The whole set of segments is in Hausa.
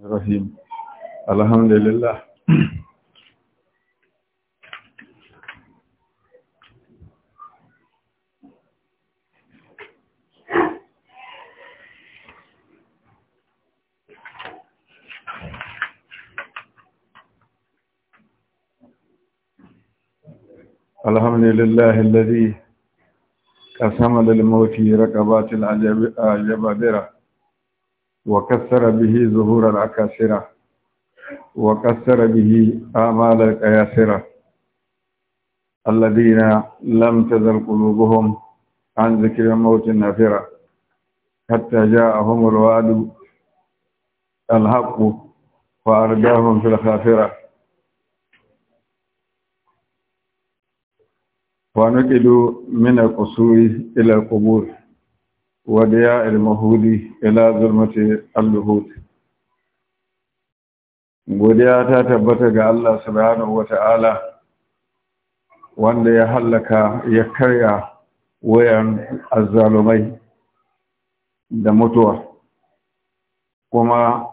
الرحيم الحمد لله الحمد لله الذي قسم للموت رقبات العجبرة وكسر به ظهور الأكاسرة وكسر به آمال الكياسرة الذين لم تزل قلوبهم عن ذكر موت النافرة حتى جاءهم الوعد الحق وأرداهم في الخافرة ونقلوا من القصور إلى القبور ودياء المهودي إلى ظلمة اللهود godiya ta tabbata ga Allah subhanahu wata'ala wanda ya hallaka ya karya wayan azzalumai da mutuwa kuma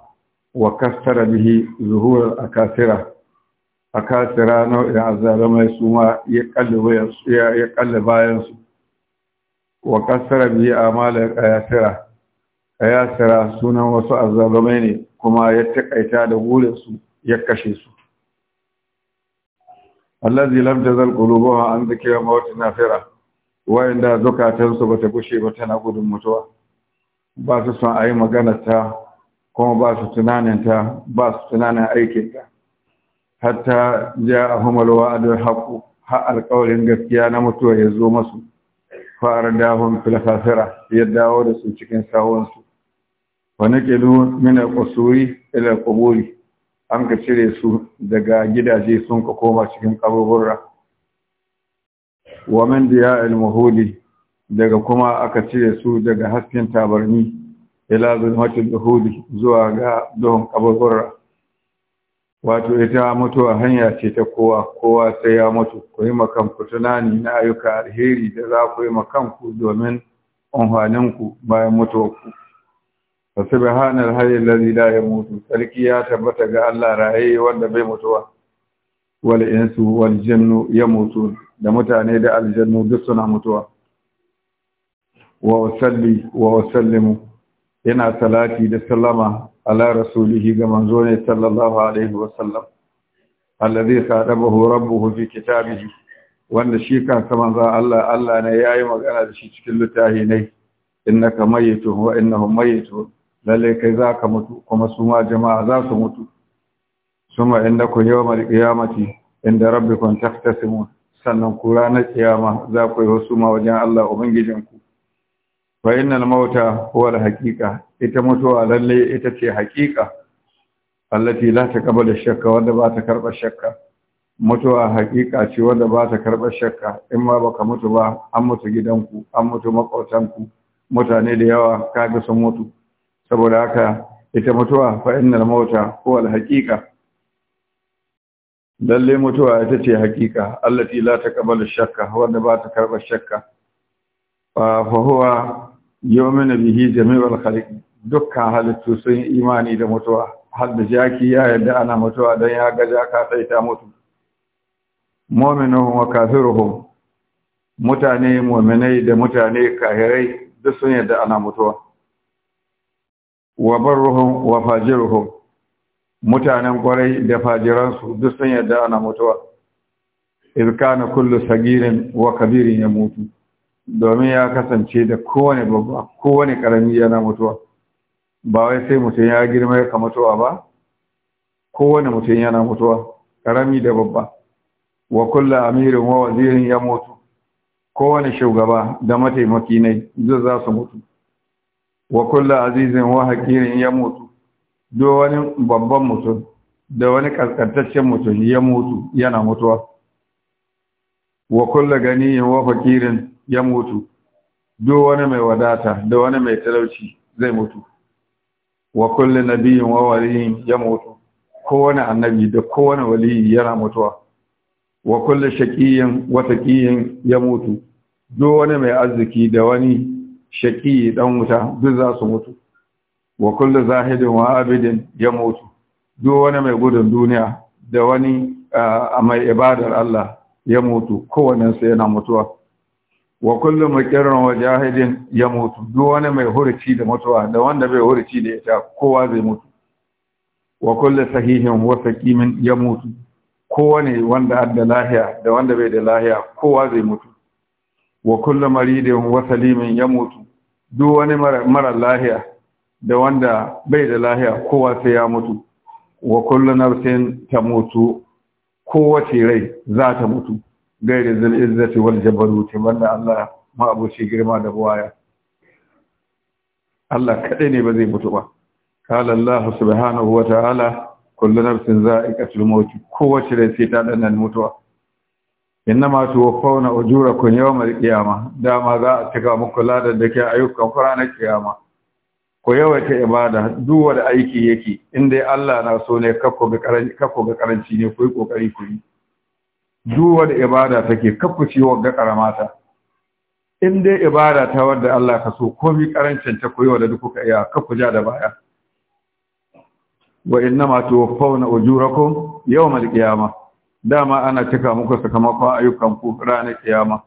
wa kastara bihi zuhurar akasira akasira nau'in azzalumai su ma ya kalli bayansu wa kasara biyu a malar kayasira sunan wasu azzalumai ne kuma ya taƙaita da su ya kashe su allazi lam tazal qulubuha an dhikra mawt nafira wayanda zukatansu bata gushe ba tana gudun mutuwa ba su son ayi magana ta kuma ba su tunanin ta ba su tunanin aikin ta hatta ja'ahum alwa'd alhaq ha alqawlin gaskiya na mutuwa zo masu Fara dahun filhasira ya dawo da su cikin sahonsu wani ƙilu mina ƙasuri ila ƙuburi an ka cire su daga gidaje sun ka koma cikin ƙabuburra wa min diya al daga kuma aka cire su daga hasken tabarni ila zulmatul duhudi zuwa ga don ƙabuburra wato ita mutuwa hanya ce ta kowa kowa sai ya mutu ku yi makanku tunani na ayyuka alheri da za ku yi makanku domin ku bayan mutuwarku fa subhana alhayy alladhi la yamutu sarki ya tabbata ga Allah raye wanda bai mutuwa wal insu wal jinnu yamutu da mutane da aljannu duk suna mutuwa wa usalli wa usallimu yana salati da sallama ala rasulihi ga manzo ne sallallahu alaihi wasallam alladhi khatabahu rabbuhu fi kitabihi wanda shi kansa manzo Allah Allah ne yayi magana da shi cikin littafi ne innaka mayyitun wa innahum mayyitun lalle kai zaka mutu kuma su ma jama'a za su mutu suma innakum yawmal qiyamati inda rabbikum tahtasimun sannan ku ranar kiyama za ku yi wasu ma wajen Allah ubangijinku fa innal mauta huwa al haqiqa ita mutuwa lalle ita ce haqiqa allati la ash shakka wanda ba ta karba shakka mutuwa haqiqa ce wanda ba ta karba shakka in ma baka mutu ba an mutu gidanku an mutu makwatanku mutane da yawa kaga sun mutu saboda haka ita mutuwa fa innal mauta huwa al haqiqa lalle mutuwa ita ce hakika allati la ash shakka wanda ba ta karba shakka fa huwa yawmin bihi jami'ar khalik dukkan halittu sun yi imani da mutuwa har da jaki ya yadda ana mutuwa don ya ga jaka sai ta mutu mominuhun wa kafiruhun mutane mominai da mutane kahirai duk sun yadda ana mutuwa wa barruhun wa fajiruhun mutanen kwarai da fajiransu duk sun yadda ana mutuwa idh na kullu sagirin wa kabirin ya mutu. domin ya kasance da kowane babba kowane karami yana mutuwa ba wai sai mutum ya girma ya mutuwa ba kowane mutum yana mutuwa karami da babba wa kulla amirin wa wazirin ya mutu kowane shugaba da mataimaki ne duk za su mutu wa kulla azizin wa hakirin ya mutu duk wani babban mutum da wani kaskantaccen mutum ya mutu yana mutuwa wa kulla ganiyin wa fakirin ya mutu do wani mai wadata da wani mai talauci zai mutu wa kullu nabiyyin wa waliyin ya mutu kowane annabi da kowane waliyi yana mutuwa wa kullu shaqiyyin wa ya mutu do wani mai arziki da wani shaqi dan wuta duk za su mutu wa kullu zahidin wa abidin ya mutu do wani mai gudun duniya da wani mai ibadar Allah ya mutu kowanne yana mutuwa wa kullu muqirrin wa jahidin mutu duk wani mai hurci da mutuwa da wanda bai hurci da ita kowa zai mutu wa kullu sahihin wa ya mutu kowane wanda adda lahiya da wanda bai da lahiya kowa zai mutu wa kullu maridin wa salimin mutu duk wani mara lahiya da wanda bai da lahiya kowa sai ya mutu wa kullu nafsin tamutu kowace rai za ta mutu gairi zil izzati wal jabaruti wanda Allah ma'abuci girma da buwaya Allah kaɗai ne ba zai mutu ba qala Allah subhanahu wa ta'ala kullu nafsin za'iqatul maut kowace da sai ta dannan mutuwa innama tuwaffawna ujurakum yawmal qiyamah dama za a cika muku ladan da ke ayyukan ranar kiyama ku yawaita ibada duk aiki yake in dai Allah na so ne kakko ga karanci ne ku yi kokari ku duk wanda ibada take kakkuce wa ga karamata in dai ibada ta wanda Allah ka so komai karancin ta koyo da duk kai iya kakkuja da baya wa innama tuwaffawna ujurakum yawmal qiyamah dama ana cika muku sakamakon ayyukan ku ranar kiyama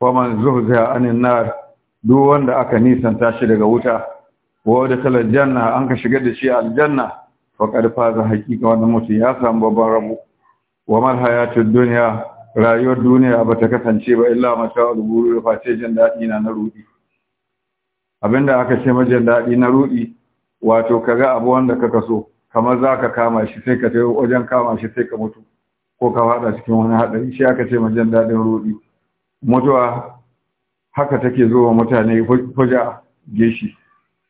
wa man zuhziha anin nar duk wanda aka nisanta shi daga wuta wa da kalal janna an ka shiga da shi aljanna faqad faza haqiqa wannan mutum ya samu babban rabo wa mal hayatud dunya rayuwar duniya ba ta kasance ba illa mata al-ghurur face jin dadi na na rudi abinda aka ce majin dadi na rudi wato kaga abu wanda kaka so kamar zaka kama shi sai ka tayi wajen kama shi sai ka mutu ko ka fada cikin wani hadari shi aka ce majin dadin rudi mutuwa haka take zo wa mutane fuja geshi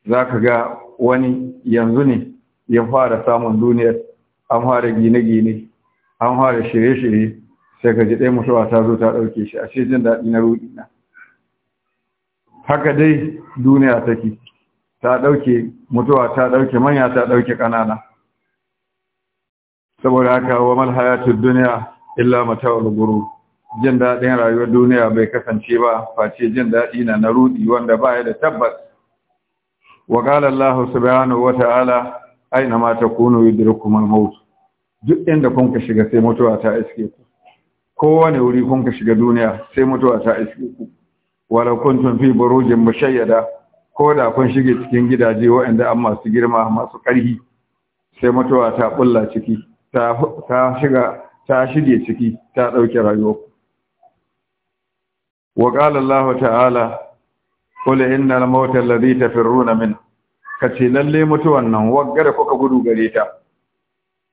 zaka ga wani yanzu ne ya fara samun duniyar an fara gine-gine an fara shirye-shirye sai ka ji ɗaya mutuwa ta zo ta ɗauke shi a ce jin daɗi na ruɗi na haka dai duniya take ta ɗauke mutuwa ta ɗauke manya ta ɗauke ƙanana saboda haka wa mal duniya illa mata'ul guru jin daɗin rayuwar duniya bai kasance ba face jin daɗi na na ruɗi wanda ba ya da tabbas wa qala Allah subhanahu wa ta'ala aina ma kunu yudrikum al-maut duk inda kun ka shiga sai mutuwa ta iske ku kowane wuri kun ka shiga duniya sai mutuwa ta iske ku wala kuntum fi burujin mushayyada ko da kun shige cikin gidaje waɗanda an masu girma masu ƙarfi sai mutuwa ta bulla ciki ta ta shiga ta shige ciki ta dauke rayuwa wa qala Allah ta'ala qul innal mawta alladhi tafirruna min kace lalle mutuwan nan wagga kuka gudu gare ta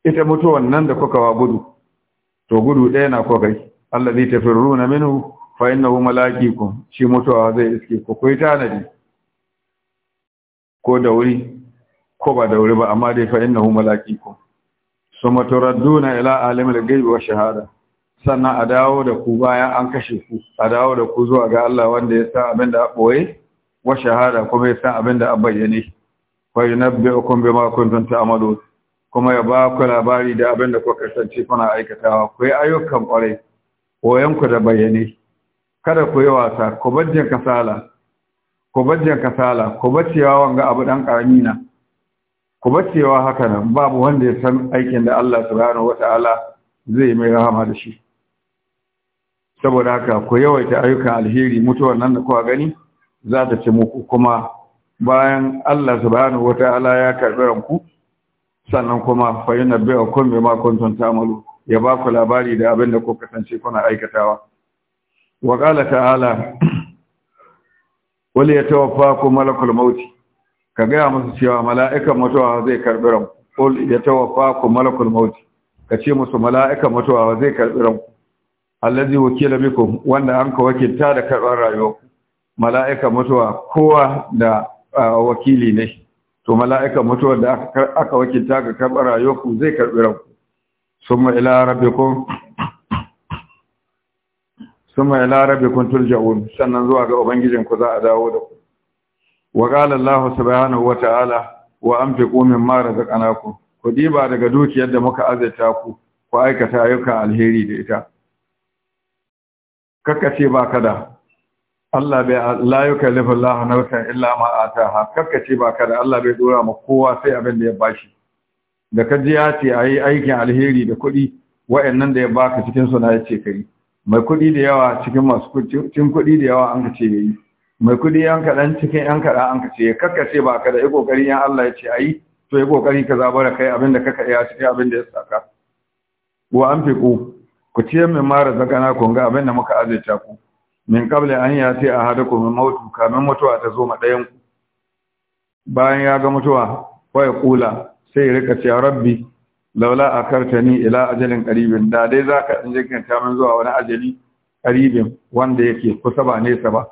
ita mutuwan nan da kuka wa gudu to gudu ɗaya na kuka yi allazi tafirruna minhu fa innahu malakikum shi mutuwa zai iske ku kai tanadi ko da wuri ko ba da wuri ba amma dai fa innahu malakikum suma turadduna ila alimil ghaibi wa shahada sannan a dawo da ku bayan an kashe ku a dawo da ku zuwa ga Allah wanda ya san abin da aboye wa shahada kuma ya san abin da abayyane fa yunabbi'ukum bima kuntum ta'malun kuma ya ba ku labari da abin da kuka kasance kuna aikatawa ku yi ayyukan ƙwarai koyanku da bayyane kada ku yi wasa ku bajjin kasala ku bajjin kasala ku bacewa wanga abu dan karami ku bacewa haka nan babu wanda ya san aikin da Allah subhanahu wataala zai mai rahama da shi saboda haka ku yawaita ayyukan alheri mutuwar nan da kuka gani za ta ci muku kuma bayan Allah subhanahu wataala ya karbi ranku sannan kuma fa yana bai kun bi ma kuntum ta'malu ya ba ku labari da abin da ku kasance kuna aikatawa wa qala ta'ala wal yatawaffakum malakul maut ka ga musu cewa mala'ikan mutuwa zai karbi ran qul yatawaffakum malakul maut ka ce musu mala'ikan mutuwa zai karbi ran allazi wakila bikum wanda an ka wakilta da karɓar rayuwa mala'ika mutuwa kowa da ah, wakili ne to mala'ikan mutuwar da aka wakilta ga karɓar rayuwarku zai karɓi ranku suma ila rabbikum ila rabbikum turja'un sannan zuwa ga ubangijinku za a dawo da ku wa qala Allah subhanahu wa ta'ala wa anfiqu mimma razaqnakum ku diba daga dukiyar da muka azaita ku ku aikata ayyukan alheri da ita kakkace ba kada Allah bai la yukallifu Allah nafsan illa ma ataha kakkace ba kada Allah bai dora ma kowa sai abin da ya bashi da ji ya ce ayi aikin alheri da kuɗi wa'annan da ya baka cikin su na yace kai mai kuɗi da yawa cikin masu cikin kuɗi da yawa an kace yayi mai kuɗi yan kaɗan cikin yan kaɗan an kace kakkace ba kada yi kokari yan Allah ya ce ayi to yi kokari ka zabara kai abin da kaka iya cikin abin da ya saka wa anfiqu ku ciyar min mara zakana kun ga abin da muka azaita ku min kabla an ya ce a hada kuma mautu kamar mutuwa ta zo ma ku bayan ya ga mutuwa kawai kula sai ya rika cewa rabbi laula a ni ila ajalin ƙaribin. da dai za ka ɗin jirgin min zuwa wani ajali ƙaribin wanda yake kusa ba nesa ba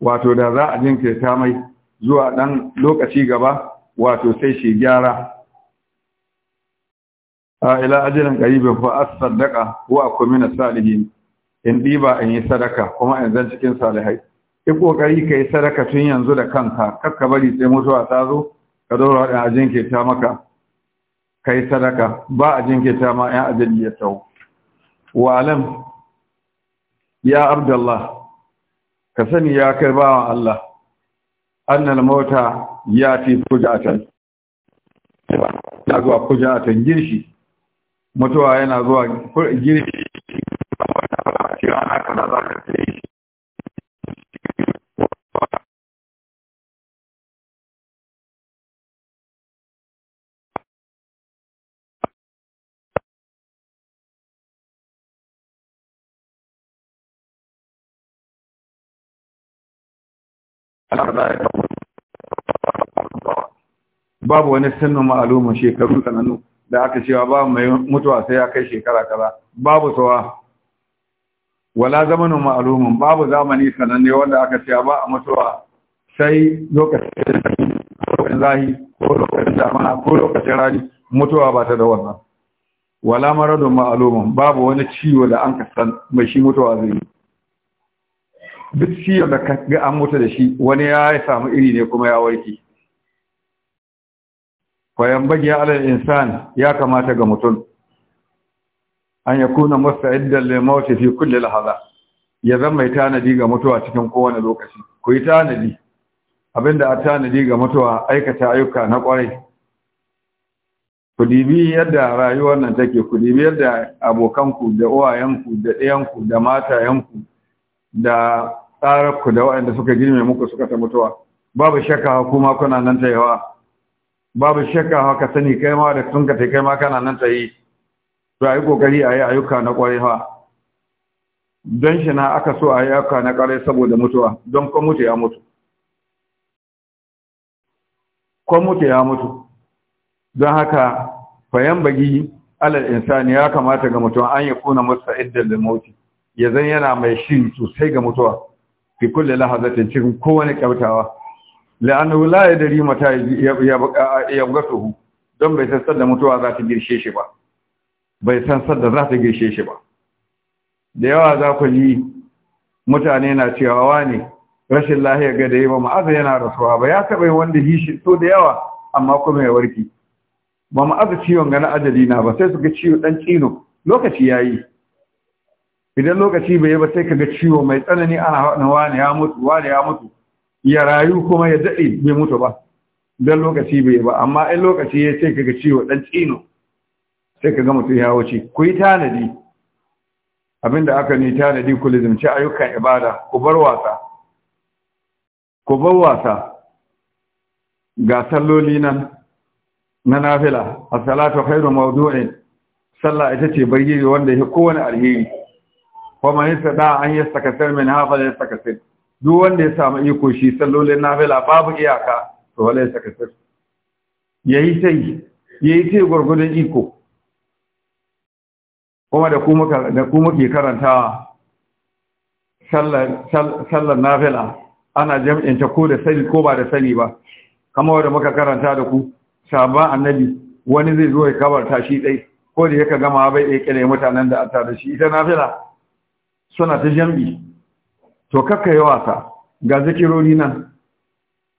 wato da za a ta mai zuwa ɗan lokaci gaba wato sai shi gyara a ila ajalin ko fa as-saddaqa wa akumina salihin in ɗiba in yi sadaka kuma in zan cikin salihai ki kokari ka yi sadaka tun yanzu da kanka kar ka bari sai mutuwa ta zo ka dora da ajin ke ta maka ka yi sadaka ba ajin ke ta ma yan ajali ya tau wa alam ya abdullah ka sani ya kai bawa Allah annal mota ya fi can ya zuwa can girshi mutuwa yana zuwa girshi babu wani sannu ma'aluma shekaru tsananu da aka cewa ba mai mutuwa sai ya kai shekara kaza babu tsawa wala zamanin ma'aluma babu zamani sananne wanda aka cewa ba a mutuwa sai lokacin zahi ko lokacin damana ko lokacin rani mutuwa ba ta da wannan wala maradun ma'aluma babu wani ciwo da an kasan mai shi mutuwa zai yi duk ciwon da ga an mutu da shi wani ya samu iri ne kuma ya warke fayan bagi alal insan ya kamata ga mutum an ya kuna musta'iddan lil maut fi kulli lahza ya zama mai tanadi ga mutuwa cikin kowane lokaci ku yi tanadi abinda a tanadi ga mutuwa aikata ayyuka na kwarai ku dibi yadda rayuwar nan take ku dibi yadda abokanku da uwayenku da ɗayanku da matayenku da tsararku da waɗanda suka girme muku suka ta mutuwa babu shakka kuma kuna nan ta yawa babu shakka ka sani kai ma da sun ka kai ma kana nan ta yi to ayi kokari ayi ayyuka na kwarai ha don shi na aka so ayi ayyuka na kwarai saboda mutuwa don ko mutu ya mutu ko mutu ya mutu don haka fayan bagi alal insani ya kamata ga mutum an yi kuna musta'iddan lil mauti ya zan yana mai shi sosai ga mutuwa fi kulle lahazatin cikin kowane kyautawa la'annahu la dari mata ya tuhu. don bai san sadda mutuwa za ta girshe shi ba bai san sadda za ta girshe shi ba da yawa za ku yi mutane na cewa wani rashin lahiya ga da yi ba ma'aza yana rasuwa ba ya taɓa wanda yi shi so da yawa amma kuma ya warki ba ma'aza ciwon gana ajali na ba sai su ga ciwo ɗan tsino lokaci ya yi idan lokaci bai yi ba sai kaga ciwo mai tsanani ana na wani ya mutu wani ya mutu ya rayu kuma ya daɗe bai mutu ba Idan lokaci bai yi ba amma in lokaci ya sai kaga ciwo dan tsino sai kaga mutum ya wuce ku yi tanadi abinda aka ni tanadi ku lizimci ayyukan ibada ku bar wasa ku bar wasa ga salloli nan na nafila as-salatu khairu mawdu'in sallah ita ce bayyiri wanda ya kowane alheri wa man da an yastakasir min hafa la yastakasir duk wanda ya samu iko shi sallolin nafila babu iyaka to wala ya yayi sai yayi sai gurgudun iko kuma da ku muka da kuma ke karanta sallar na nafila ana jam'in ta ko da sani ko ba da sani ba Kama wanda muka karanta da ku sabon annabi wani zai zo ya kabarta shi dai ko da yake gama bai iya kire mutanen da a tare shi ita nafila suna ta jambi to kakka yi wasa ga zikirori nan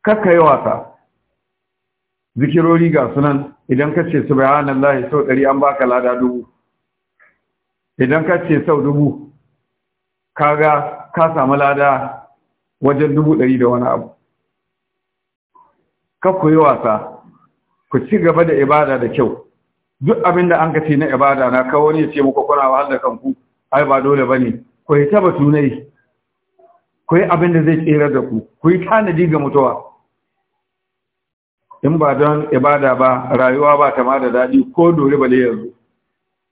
kakka yi wasa zikirori ga sunan idan ka ce lahi sau ɗari an baka lada dubu idan ka ce sau dubu kaga ka samu lada wajen dubu ɗari da wani abu ka yi wasa ku ci gaba da ibada da kyau duk abin da an ka ce na ibada na kawo ne ce muku kuna wahal da kanku ai ba dole ba ne ku yi taba tunai. ku yi abin da zai tsere da ku ku yi tanadi ga mutuwa in ba don ibada ba rayuwa ba ta ma da daɗi ko dole bale yanzu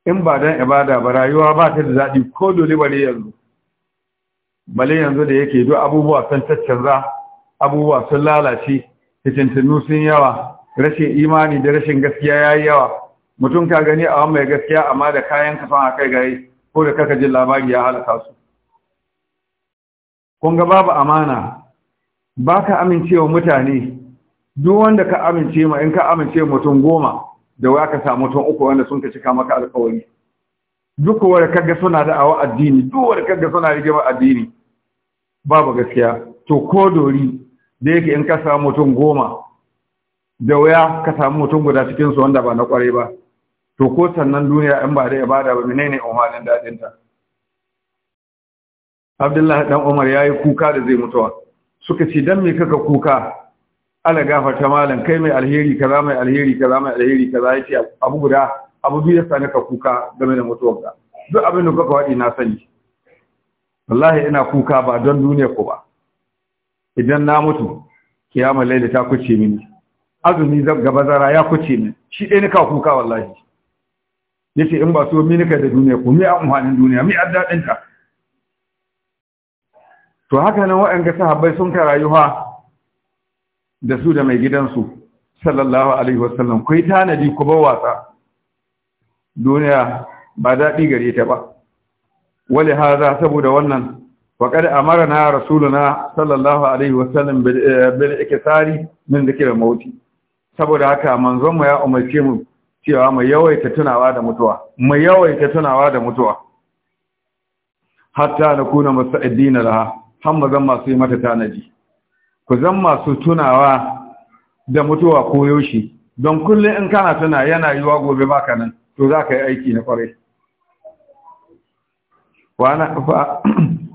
in ba don ibada ba rayuwa ba ta da daɗi ko dole bale yanzu bale yanzu da yake duk abubuwa sun caccanza abubuwa sun lalace fitintinu sun yawa rashin imani da rashin gaskiya ya yi yawa mutum ka gani a wani mai gaskiya amma da kayan kafan a kai gare ko da kaka jin labari ya halaka su kun ga babu amana ba baka amincewa mutane duk wanda ka amince ma in ka amince mutum goma da waya ka samu mutum uku wanda sun ka cika maka alkawari duk wanda kaga suna da awa addini duk wanda kaga suna rigima addini babu gaskiya to ko dori da yake in ka samu mutum goma da waya ka samu mutum guda cikinsu wanda ba na kwarai ba to ko sannan duniya in ba da ibada ba menene umarnin dadin ta Abdullahi dan Umar yayi kuka da zai mutuwa suka ce dan me kaka kuka ala gafarta malam kai mai alheri kaza mai alheri kaza mai alheri kaza yace abu guda abu biyu yasa naka kuka game da mutuwarka duk abin da kuka wadi na sani wallahi ina kuka ba don duniya ku ba idan na mutu kiyama laila ta kuce mini azumi gaba zara ya kuce mini shi ni nika kuka wallahi yace in ba so minika da duniya ko mi amfanin duniya mi addadin ta to haka nan waɗanda sahabbai sun ka rayuwa da su da mai gidansu sallallahu alaihi wasallam kai tanadi ku ba wasa duniya ba daɗi gare ta ba wale haza saboda wannan faƙar amarna rasuluna sallallahu alaihi wasallam bil eh, ikisari min zikir mauti saboda haka manzon mu ya umarce mu cewa mai yawaita tunawa da mutuwa mai ta tunawa da mutuwa hatta na kuna masu laha har mu zan masu yi mata tanaji ku zan masu tunawa da mutuwa ko yaushe don kullum in kana tuna yana wa gobe baka nan to za ka yi aiki na kwarai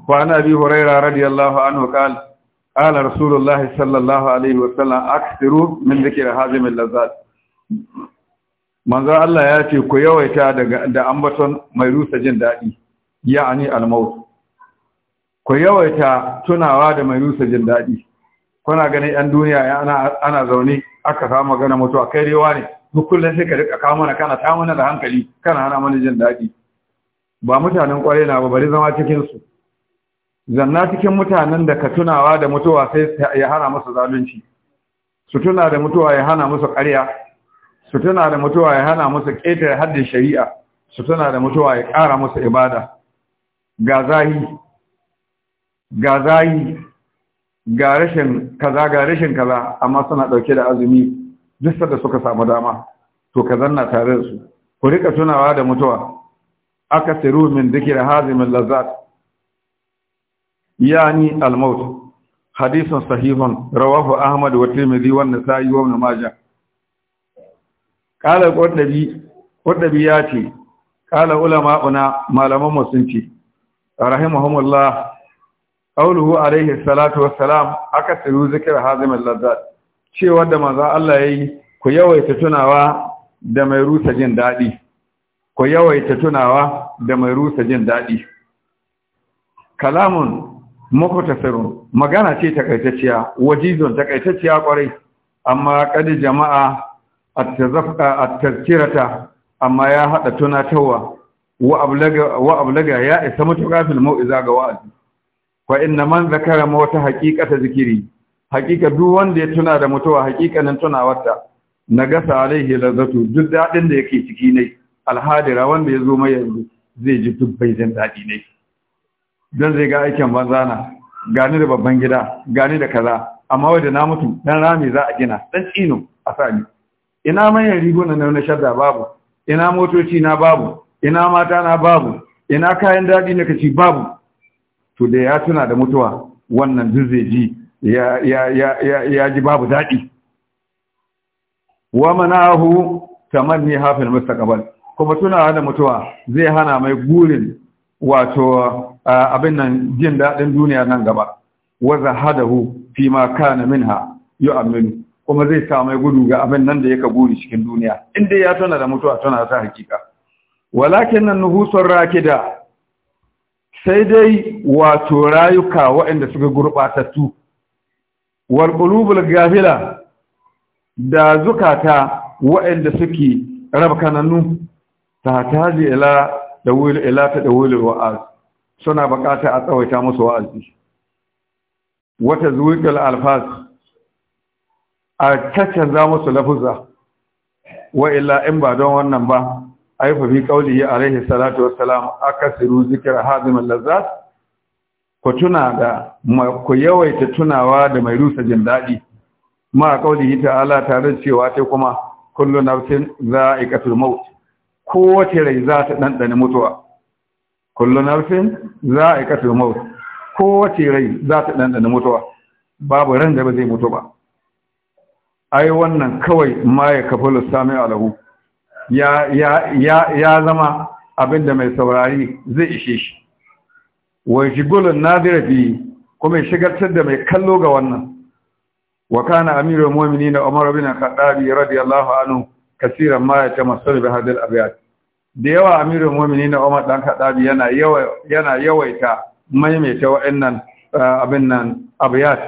وعن أبي هريرة رضي الله عنه قال قال رسول الله صلى الله عليه وسلم أكثروا من ذكر هازم اللذات manzo Allah ya ce ku yawaita daga da ambaton mai rusa jin daɗi ya'ani al-maut ku yawaita tunawa da mai rusa jin daɗi kuna ganin yan duniya ana zaune aka kama gana mutuwa kai rewa ne duk kullum sai ka rika kawo mana kana ta mana da hankali kana hana mana jin daɗi ba mutanen kwarai na ba bari zama cikin su zanna cikin mutanen da ka tunawa da mutuwa sai ya hana musu zalunci su tuna da mutuwa ya hana musu ƙarya su tana da mutuwa ya hana musu ƙetare haddin shari'a su tana da mutuwa ya ƙara musu ibada ga zahi ga zahi ga rashin kaza ga rashin kaza amma suna ɗauke da azumi duk da suka samu dama to ka zanna tare da su ku rika tunawa da mutuwa aka siru min dikira hazimin lazat yani al-maut hadithun sahihun rawahu ahmad wa tirmidhi wa nasai wa ibn majah kala qurdabi qurdabi ya ce kala una malaman mu sun ce rahimahumullah qauluhu alaihi salatu wassalam akathiru zikr hazim al-lazzat ce da manzo Allah yayi ku yawaita tunawa da mai rusa jin dadi ku yawaita tunawa da mai rusa jin dadi kalamun mukhtasarun magana ce takaitacciya wajizon takaitacciya kwarai amma kada jama'a at-tazkirata amma ya hada tunatarwa wa ablaga wa ablaga ya isa mutuka fil mau'iza ga wa'azi fa inna man zakara mawta haqiqata zikiri haqiqa duk wanda ya tuna da mutuwa haqiqanin tunawarta nagasa alaihi lazatu duk dadin da yake ciki ne alhadira wanda ya zo mai yanzu zai ji duk bai jin dadi ne dan zai ga aikin banzana gani da babban gida gani da kaza amma wanda na mutu dan rami za a gina dan tsino a sami ina manyan riguna na na shadda babu ina motoci na babu ina mata na babu ina kayan daɗi na kaci babu to da ya tuna da mutuwa wannan duk zai ji ya ya ya ya ji babu daɗi wa manahu tamanni hafil mustaqbal kuma tuna da mutuwa zai hana mai gurin wato abin nan jin daɗin duniya nan gaba wa zahadahu fi ma kana minha yu'minu kuma zai sa mai gudu ga abin nan da yake buri cikin duniya inda ya tana da mutuwa tana ta hakika walakin nan nuhusun rakida sai dai wato rayuka waɗanda suka gurɓatattu wal gafila da zukata waɗanda suke rabkananu ta taji ila da wuli ila ta da wuli wa'az suna bukata a tsawaita musu wa'azi wata zuwiqal alfas a caccanza musu lafuzza wa illa in ba don wannan ba aifa bi qaulihi alaihi salatu wassalam akasiru zikra hadim lazzat ku tuna da ko yawaita tunawa da mai rusa jin dadi ma qaulihi ta'ala tare cewa sai kuma kullu nafsin za'iqatul maut wace rai za ta dandane mutuwa kullu nafsin za'iqatul maut wace rai za ta dandane mutuwa babu ran da ba zai mutu ba ai wannan kawai ma ya kafa sami alahu ya ya ya ya zama abinda mai saurari zai ishe shi wa jigulun nadira bi kuma shigartar da mai kallo ga wannan wa kana amirul mu'minin Umar bin Khattab radiyallahu anhu kaseeran ma ya tamassalu bi hadal abyat da yawa amirul mu'minin Umar dan Khattab yana yawa yana yawaita maimaita wa'annan eh, abin nan abyat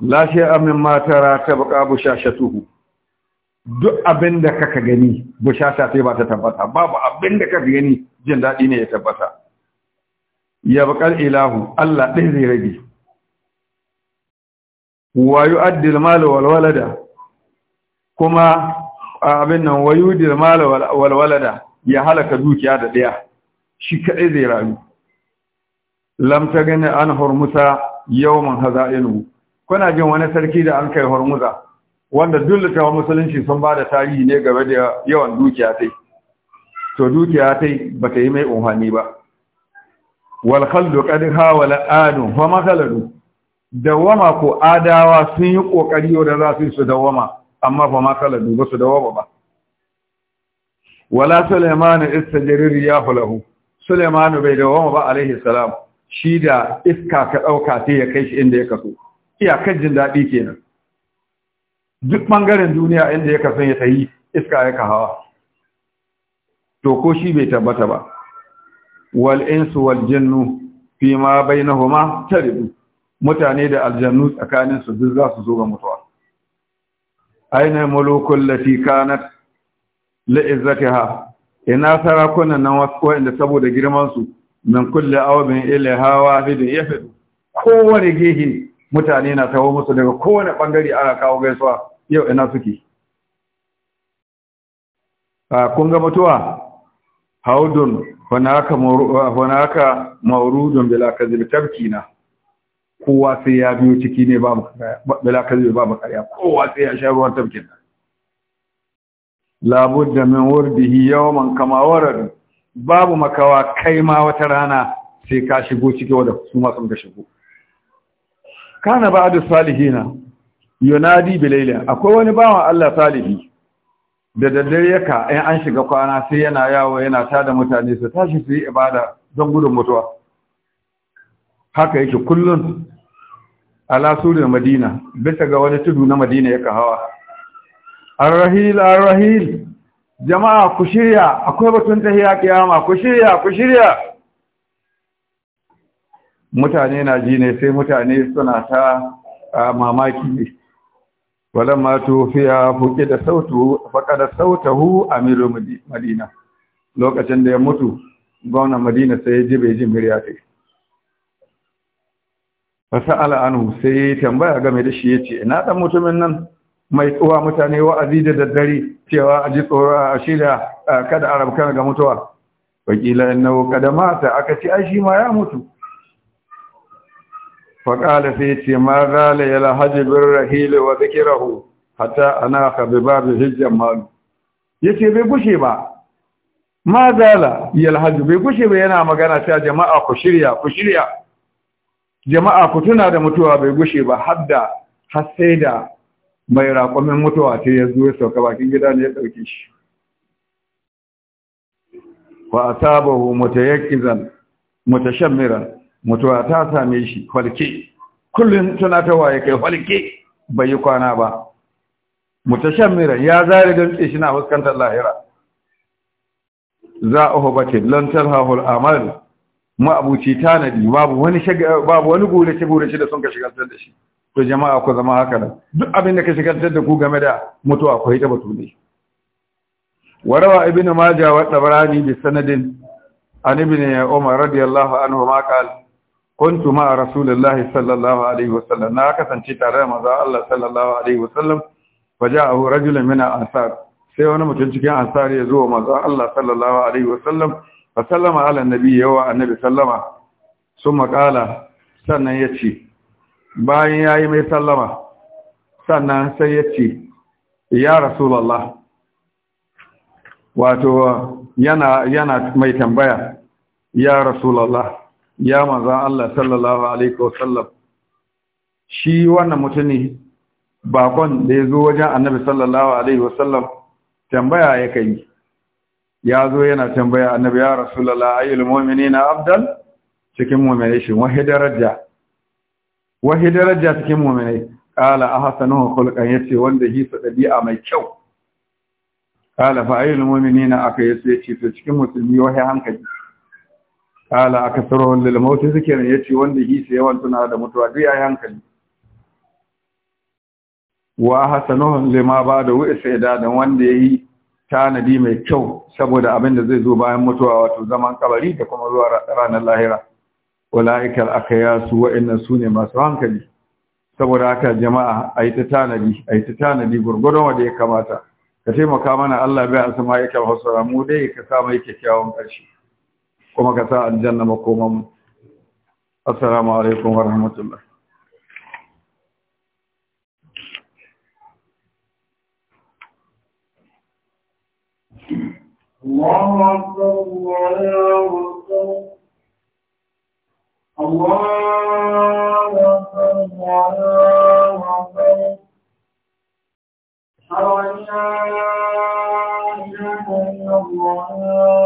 la shay'a mimma ta tabqa bushashatuhu duk abinda kaka gani bushasha sai ba ta tabbata babu abinda kaka gani jin dadi ne ya tabbata ya baqal ilahu Allah din zai rage. wa yu'addil mal wal walada kuma abin nan wa yu'addil mal wal walada ya halaka dukiya da daya shi kadai zai rayu lam ta gani an hurmusa yawman haza'inu kuna jin wani sarki da an kai hormuza wanda dullatawa musulunci sun ba da tarihi ne game da yawan dukiya tai to dukiya tai ba ta yi mai umhani ba wal khaldu qad hawala adu fa makaladu dawama ko adawa sun yi kokari da za su su dawama amma fa makaladu ba su dawama ba wala sulaiman istajarir ya lahu sulaiman bai dawama ba alaihi salam shi da iska ka dauka sai ya kai shi inda ya kaso iyakar jin daɗi kenan duk ɓangaren duniya inda ya kasan ya tayi iska ya hawa to ko shi bai tabbata ba wal insu wal jinnu fi ma bainahuma taridu mutane da aljannu tsakanin su duk za zo ga mutuwa aina mulukul lati kanat la izzatiha ina sarakunan nan wasu wanda saboda girman su min kulli awbin ilaha ya yafid kowane gehe mutane na kawo musu daga kowane bangare ana kawo gaisuwa yau ina suke a kun ga mutuwa haudun wanaka hunaka maurudun bila kazil na, kowa sai ya biyo ciki ne ba bila ba makariya, kowa sai ya sha ruwan tabkin labudda min wurdihi man kama warar, babu makawa kai ma wata rana sai ka shigo ciki wanda su masu sun ga shigo kana da salihina yunadi bilaila akwai wani bawan Allah salihi da daddare yaka in an shiga kwana sai yana yawo yana tada mutane su tashi su yi ibada don gudun mutuwa haka yake kullun ala na madina bisa ga wani tudu na madina yaka hawa arrahil arrahil jama'a ku shirya akwai batun tahiya kiyama ku shirya ku shirya mutane na ji ne sai mutane suna ta mamaki walamma tufiya fuke da sautu faqada sautahu amiru madina lokacin da ya mutu gwamnan madina sai ji bai ji murya sai wasu al'anu sai tambaya game da shi ya yace Na ɗan mutumin nan mai tsuwa mutane wa'azi da daddare cewa a ji tsoro a shirya kada arab kan ga mutuwa wakila innahu qad mata aka ci ai shi ma ya mutu فقال sai ce ذال zala حج lahajibin وذكره حتى zikirahu hatta ana ka bi babu hijjan ya ce bai gushe ba bai gushe ba yana magana ta jama'a ku shirya ku shirya jama'a ku tuna da mutuwa bai gushe ba hadda har sai da mai raƙumin mutuwa ta ya zo sauka bakin gida ne ya ɗauke shi wa asabahu mutayakkizan mutashammiran mutuwa ta same shi falke kullum tana ta waye kai falke bai yi kwana ba mutashammiran ya zare don tse shi na fuskantar lahira za a hubatin lantar hahul amal ma'abuci tanadi babu wani babu wani gure ce gure ce da sun ka shigantar da shi to jama'a ku zama haka nan duk abin da ka shigantar da ku game da mutuwa ku yi ta batu ne warawa ibnu majah wa tabarani bi sanadin an ibnu umar radiyallahu anhu ma qala kuntu ma rasulullahi sallallahu alaihi wasallam na kasance tare da manzo Allah sallallahu alaihi wasallam faja'ahu rajulun min al-ansar sai wani mutum cikin ansar ya zo manzo Allah sallallahu alaihi wasallam fa sallama ala annabi yawa annabi sallama summa qala sannan yace bayan yayi mai sallama sannan sai yace ya rasulullah wato yana yana mai tambaya ya rasulullah ya maza Allah sallallahu alaihi wasallam shi wannan mutune bakon da ya zo wajen annabi sallallahu alaihi wasallam tambaya ya kai ya zo yana tambaya annabi ya rasulullah ayyul mu'minina afdal cikin mu'minai shi wahi daraja wahi daraja cikin mu'minai qala ahsanu khulqan yace wanda shi su dabi'a mai kyau qala fa ayyul mu'minina aka yace ce cikin mutumi wahi hankali kala aka tsaro lil suke ne ce wanda sai yawan tuna da mutuwa duk yayin hankali wa hasanuhum lima ba'da wa da wanda ya yi tanadi mai kyau saboda abin da zai zo bayan mutuwa wato zaman kabari da kuma zuwa ranar lahira su akayasu wa'annan sune masu hankali saboda haka jama'a ai ta tanadi ai ta tanadi gwargwadon wanda ya kamata ka taimaka mana Allah bai asma yake hausa mu dai ka sa mai kyakkyawan ƙarshe kuma ka sa السلام عليكم ورحمة alaikum wa rahmatullah الله أكبر الله أكبر الله أكبر الله أكبر أشهد أن لا الله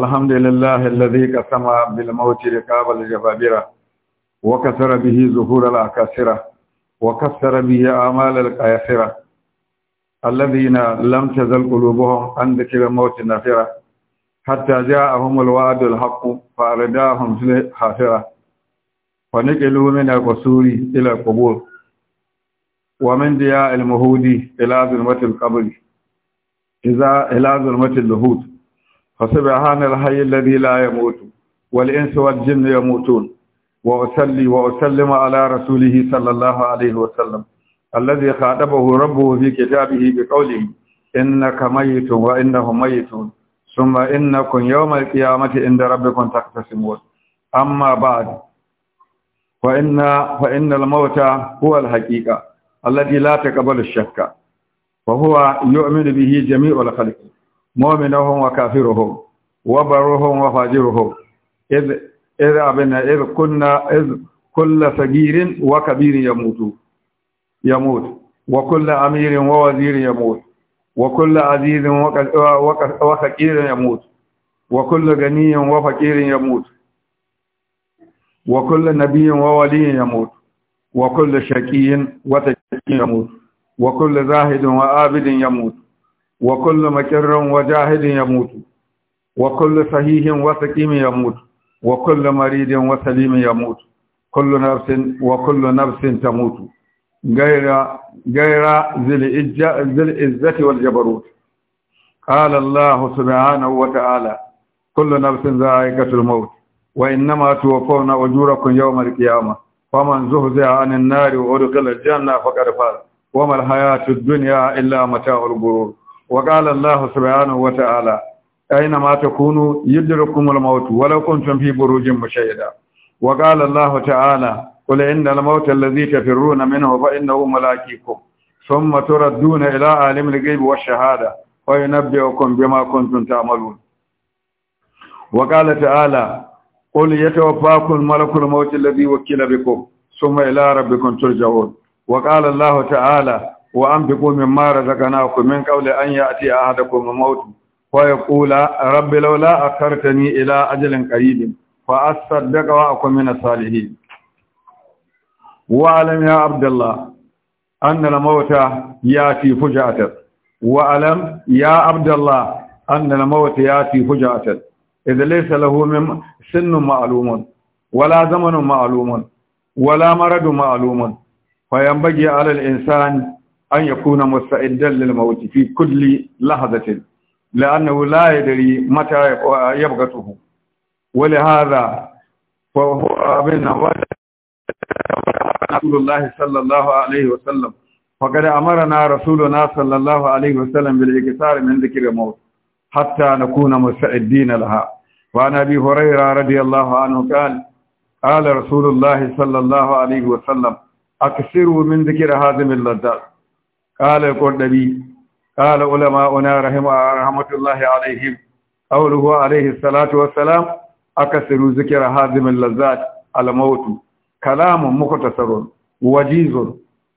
الحمد لله الذي قسم بالموت ركاب الجبابرة وكسر به ظهور الأكاسرة وكسر به آمال القياسرة الذين لم تزل قلوبهم عن ذكر الموت نافرة حتى جاءهم الوعد الحق فأرداهم في الحافرة ونقلوا من القصور إلى القبور ومن دياء المهود إلى ظلمة القبر إذا إلى ظلمة اللهود فسبحان الحي الذي لا يموت والإنس والجن يموتون وأسلي وأسلم على رسوله صلى الله عليه وسلم الذي خاطبه ربه في كتابه بقوله إنك ميت وإنهم ميتون ثم إنكم يوم القيامة عند ربكم تختصمون أما بعد فإن, فإن الموت هو الحقيقة التي لا تقبل الشك وهو يؤمن به جميع الخلق مؤمنهم وكافرهم وبرهم وفاجرهم إذ إذ أبنا إذ كنا إذ كل فقير وكبير يموت يموت وكل أمير ووزير يموت وكل عزيز وفقير يموت وكل غني وفقير يموت وكل نبي وولي يموت وكل شكي وتشكي يموت وكل زاهد وعابد يموت وكل مكر وجاهد يموت وكل صحيح وسقيم يموت وكل مريض وسليم يموت كل نفس وكل نفس تموت غير غير ذي العزة والجبروت قال الله سبحانه وتعالى كل نفس ذائقة الموت وإنما توفون أجوركم يوم القيامة فمن زهزه عن النار وأدخل الجنة فقد فاز وما الحياة الدنيا إلا متاع الغرور wa qala Allah subhanahu wa ta'ala aina ma takunu yudrikumul maut walau kuntum fi burujin mushayyada wa qala Allah ta'ala قل إن الموت الذي تفرون منه فإنه ملاكيكم ثم تردون إلى عالم الغيب والشهادة وينبئكم بما كنتم تعملون وقال تعالى قل يتوفاكم ملك الموت الذي وكل بكم ثم إلى ربكم ترجعون وقال الله تعالى wa anfiqu mimma razaqnakum min qawli an ya'ti ahadakum maut wa yaqula rabbi laula akhartani ila ajalin qarib fa asaddaqa wa akun min salihin wa alam ya abdullah anna al-maut ya'ti fujatan wa alam ya abdullah anna al-maut ya'ti fujatan idh laysa lahu min sinnun ma'lumun wala zamanun ma'lumun wala maradun ma'lumun fayanbaghi 'ala al-insani أن يكون مستعدا للموت في كل لحظة لأنه لا يدري متى يبغته ولهذا فهو أبن رسول الله صلى الله عليه وسلم فقد أمرنا رسولنا صلى الله عليه وسلم بالإكثار من ذكر الموت حتى نكون مستعدين لها وعن أبي هريرة رضي الله عنه قال قال رسول الله صلى الله عليه وسلم أكثروا من ذكر هذه اللذات قال القرطبي قال علماؤنا رحمه رحمة الله عليهم قوله عليه الصلاة والسلام أكثر ذكر هذه اللذات الموت كلام مختصر وجيز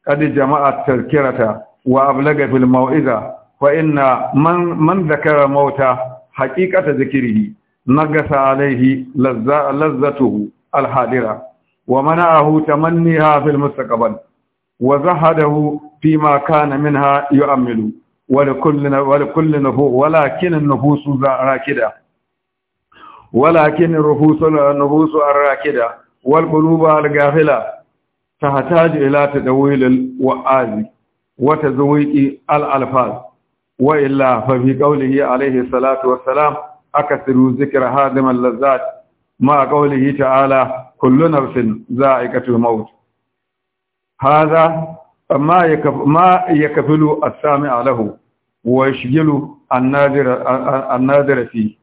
قد جمع التذكرة وأبلغ في الموئذة فإن من, من ذكر الموت حقيقة ذكره نقص عليه لذته الحاضرة ومنعه تمنيها في المستقبل wa zahadahu fi ma kana minha yu'ammilu wa likulli wa likulli nufus walakin an-nufus rakida walakin an-nufus an-nufus ar-rakida wal qulubu al-ghafila tahtaju ila tadawil al-wa'azi wa tazwiqi al-alfaz wa illa fa fi qawlihi alayhi salatu wassalam akasiru zikra hadim al-lazzat ma qawlihi ta'ala kullu nafsin za'iqatul maut haza ma ya kafilu a sami alahu wa shigilu annadira fi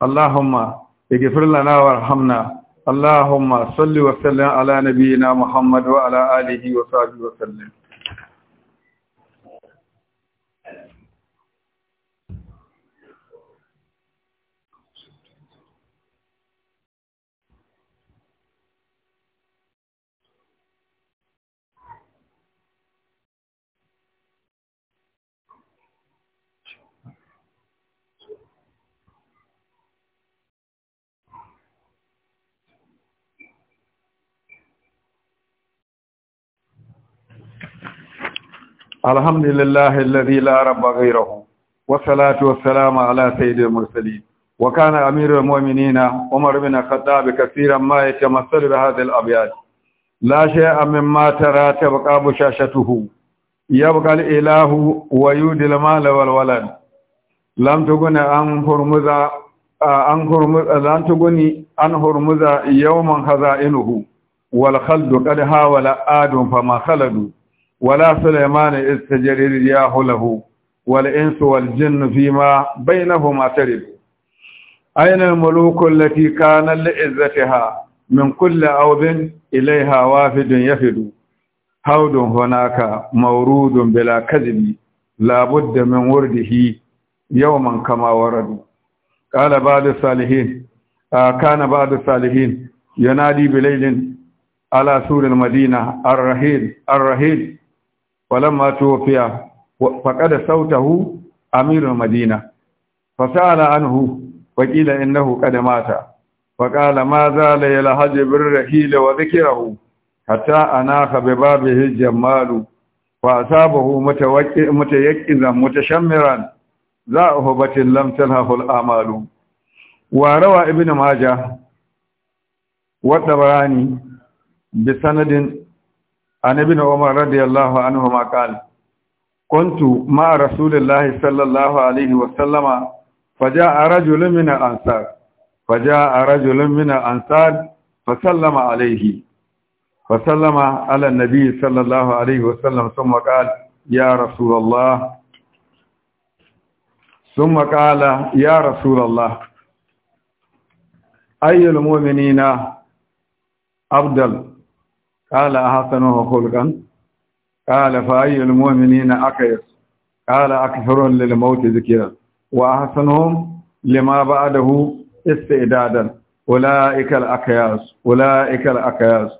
Allahumma ya gifir lana wa salli wa sallim ala nabiyina Muhammad wa ala الحمد لله الذي لا رب غيره والصلاة والسلام على سيد المرسلين وكان أمير المؤمنين عمر بن الخطاب كثيرا ما يتمثل بهذه الأبيات لا شيء مما ترى تبقى بشاشته يبقى الإله ويود المال والولد لم تكن أن هرمز أن هرمز لم تكن أن هرمز يوما خزائنه والخلد قد هاول آدم فما خلدوا wala Sulaiman istajrir riyahu lahu wal insu wal jinnu fima bainahuma tarib aina al muluku allati kana li izzatiha min kulli awdin ilayha wafidun yafidu haudun hunaka maurudun bila kadhibi la budda min wurdihi yawman kama waradu qala salihin kana ba'du salihin yanadi bilailin ala suril madina ar-rahil ar-rahil falamma tuwafiya faqada sautahu amirul madina fasala anhu waqila innahu qad mata faqala ma zala yalhaj birrahil wa dhikrahu hatta anaka bibabihi jamalu wa asabahu mutawaqqi mutayaqqizan mutashammiran la uhbatin lam talhahu amalu wa rawa ibn majah wa tabarani bi sanadin an ibn umar radiyallahu anhu ma qala kuntu ma rasulillahi sallallahu alaihi wa sallama faja'a rajulun min al-ansar faja'a rajulun min al-ansar sallama alaihi fasallama ala an-nabi sallallahu alaihi wa sallam thumma qala ya Rasulallah! ثم قال ya Rasulallah! الله أي المؤمنين قال أحسنه خلقا قال فأي المؤمنين أكيس قال أكثر للموت ذكرا وأحسنهم لما بعده استعدادا أولئك الأكياس أولئك الأكياس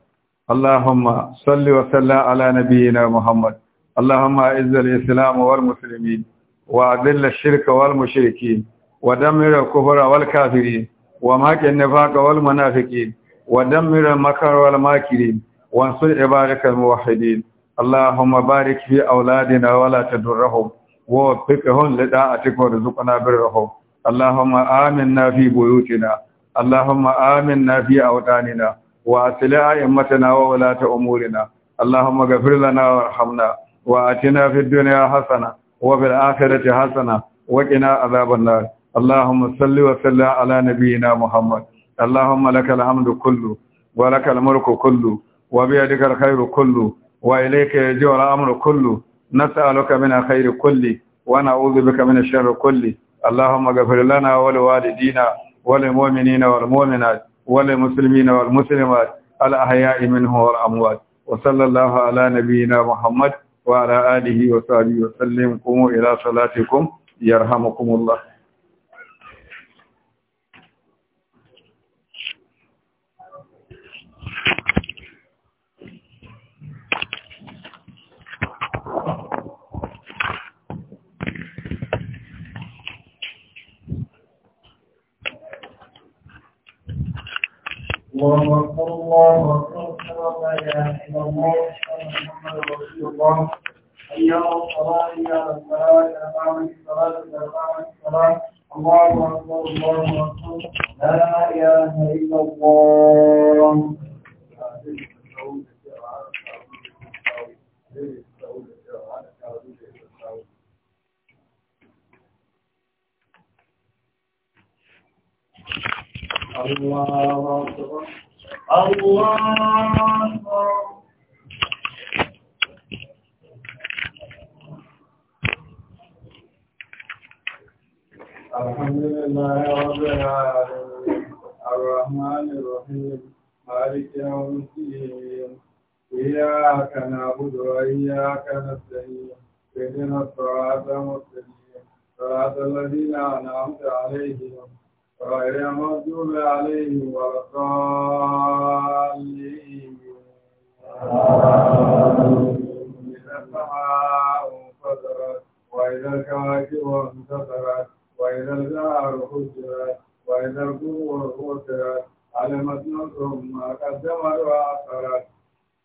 اللهم صل وسلم على نبينا محمد اللهم أعز الإسلام والمسلمين وأذل الشرك والمشركين ودمر الكفر والكافرين وماك النفاق والمنافقين ودمر المكر والماكرين وانصر عبادك الموحدين اللهم بارك في أولادنا ولا تدرهم ووفقهم لطاعتك ورزقنا برهم اللهم آمنا في بيوتنا اللهم آمنا في أوطاننا وأصل أئمتنا وولاة أمورنا اللهم اغفر لنا وارحمنا وآتنا في الدنيا حسنة وفي الآخرة حسنة وقنا عذاب النار اللهم صل وسلم على نبينا محمد اللهم لك الحمد كله ولك الملك كله وبيدك الخير كله وإليك يجيء الأمر كله نسألك من الخير كله ونعوذ بك من الشر كله اللهم اغفر لنا ولوالدينا وللمؤمنين والمؤمنات وللمسلمين والمسلمات الأحياء منه والأموات وصلى الله على نبينا محمد وعلى آله وصحبه وسلم قوموا إلى صلاتكم يرحمكم الله الله أكبر الله أكبر لا إله إلا الله محمد رسول الله حي على الصلاة حي على الصلاة إلى قامت الصلاة إلى قامت الصلاة الله أكبر الله أكبر لا إله إلا الله Thank you. الله أكبر الله أكبر الحمد لله رب العالمين الرحمن الرحيم مالك يوم الدين إياك نعبد وإياك نستعين اهدنا الصراط المستقيم صراط الذين أنعمت عليهم غير مغضوب عليه ولا الضالين إذا السماء انفطرت وإذا الكواكب انتثرت وإذا الجار حجرت وإذا القبور قتلت علمت نفس ما قدمت وأخرت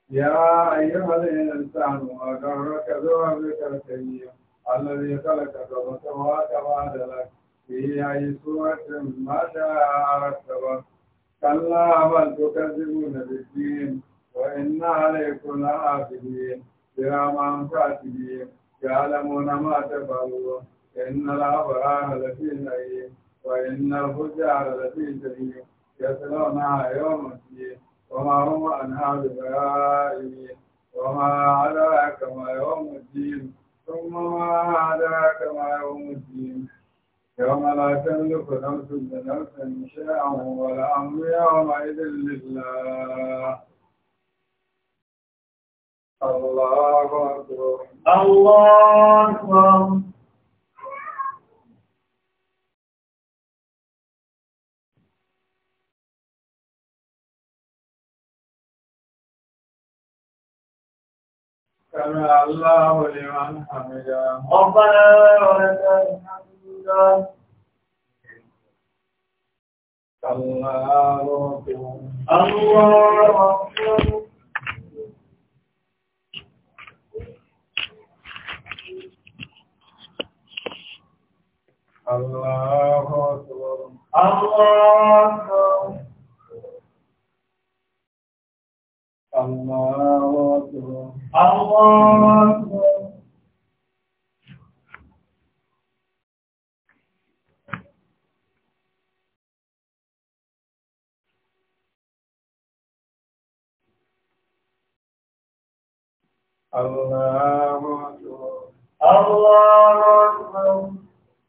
يا أيها الإنسان ما غرك بربك الكريم الذي خلقك فسواك وعدلك في أي سورة ماذا أردت كلا بل تكذبون الله أكبر سمع الله لمن حمده ربنا ولك الحمد الله أكبر الله أكبر Allahu Akbar. Allahu Akbar. Allahu Allahu Akbar. Allahu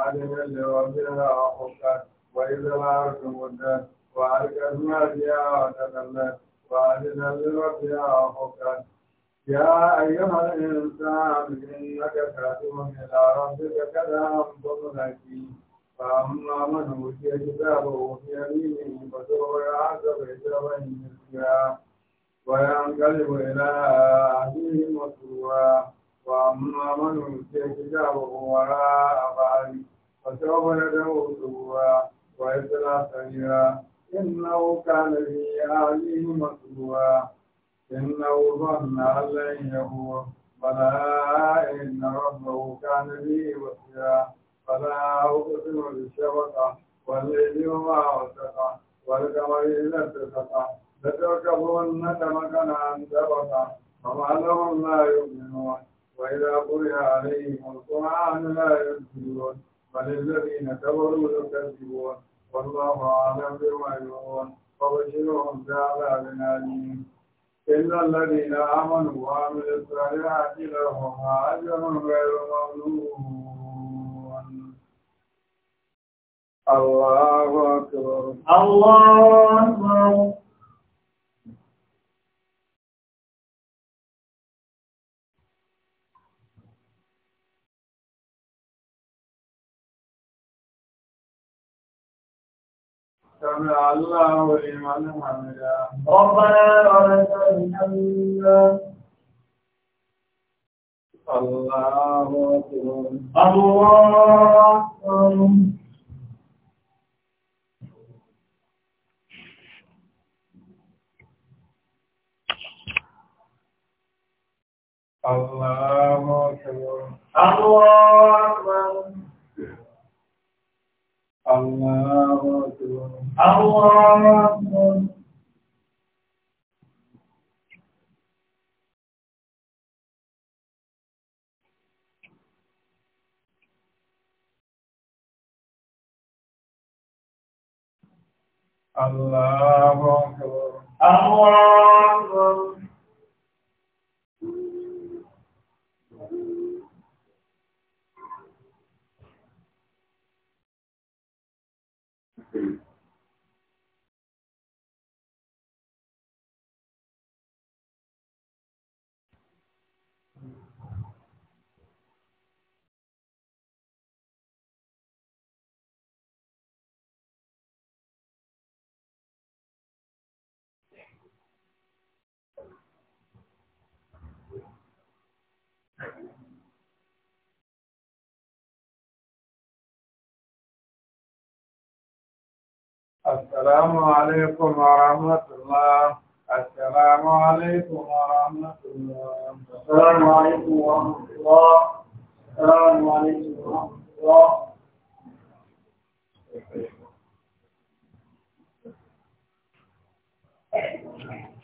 وعلم لوجهها حقا وإذا أردتم الدين وألقتنا فيها وتكلت وأذن لربها حقا يا أيها الإنسان إنك كاتب إلى ربك كلام ضمنكي فأما من أوتي كتابه بيمينه فسوف يعذب عذابا يسيرا وينقلب إلى أهله مسرورا وأما من أوتي كتابه وراء ظهره فسوف يدعو ثبورا ويصلى سعيرا إنه كان في أهله مسرورا إنه ظن أن لن يبور بلى إن ربه كان به بصيرا فلا أقسم بالشفقة والليل وما وسقى والقمر إذا اتسقى لتركبن طبقا عن طبقا فما لهم لا يؤمنون وإذا قرئ عليهم القرآن لا يكذبون بل الذين كفروا يكذبون والله أعلم بما يوعون فبشرهم بعذاب أليم إلا الذين آمنوا وعملوا الصالحات لهم أجر غير ممنون الله أكبر الله أكبر سمع الله لمن حمده ربنا ولك الحمد الله أكبر الله أكبر الله أكبر الله أكبر Allahu Akbar. Allahu Akbar. Allahu Akbar. Allahu Akbar. Thank you. السلام عليكم ورحمة الله السلام عليكم ورحمة الله السلام عليكم ورحمة الله السلام عليكم ورحمة الله Thank you.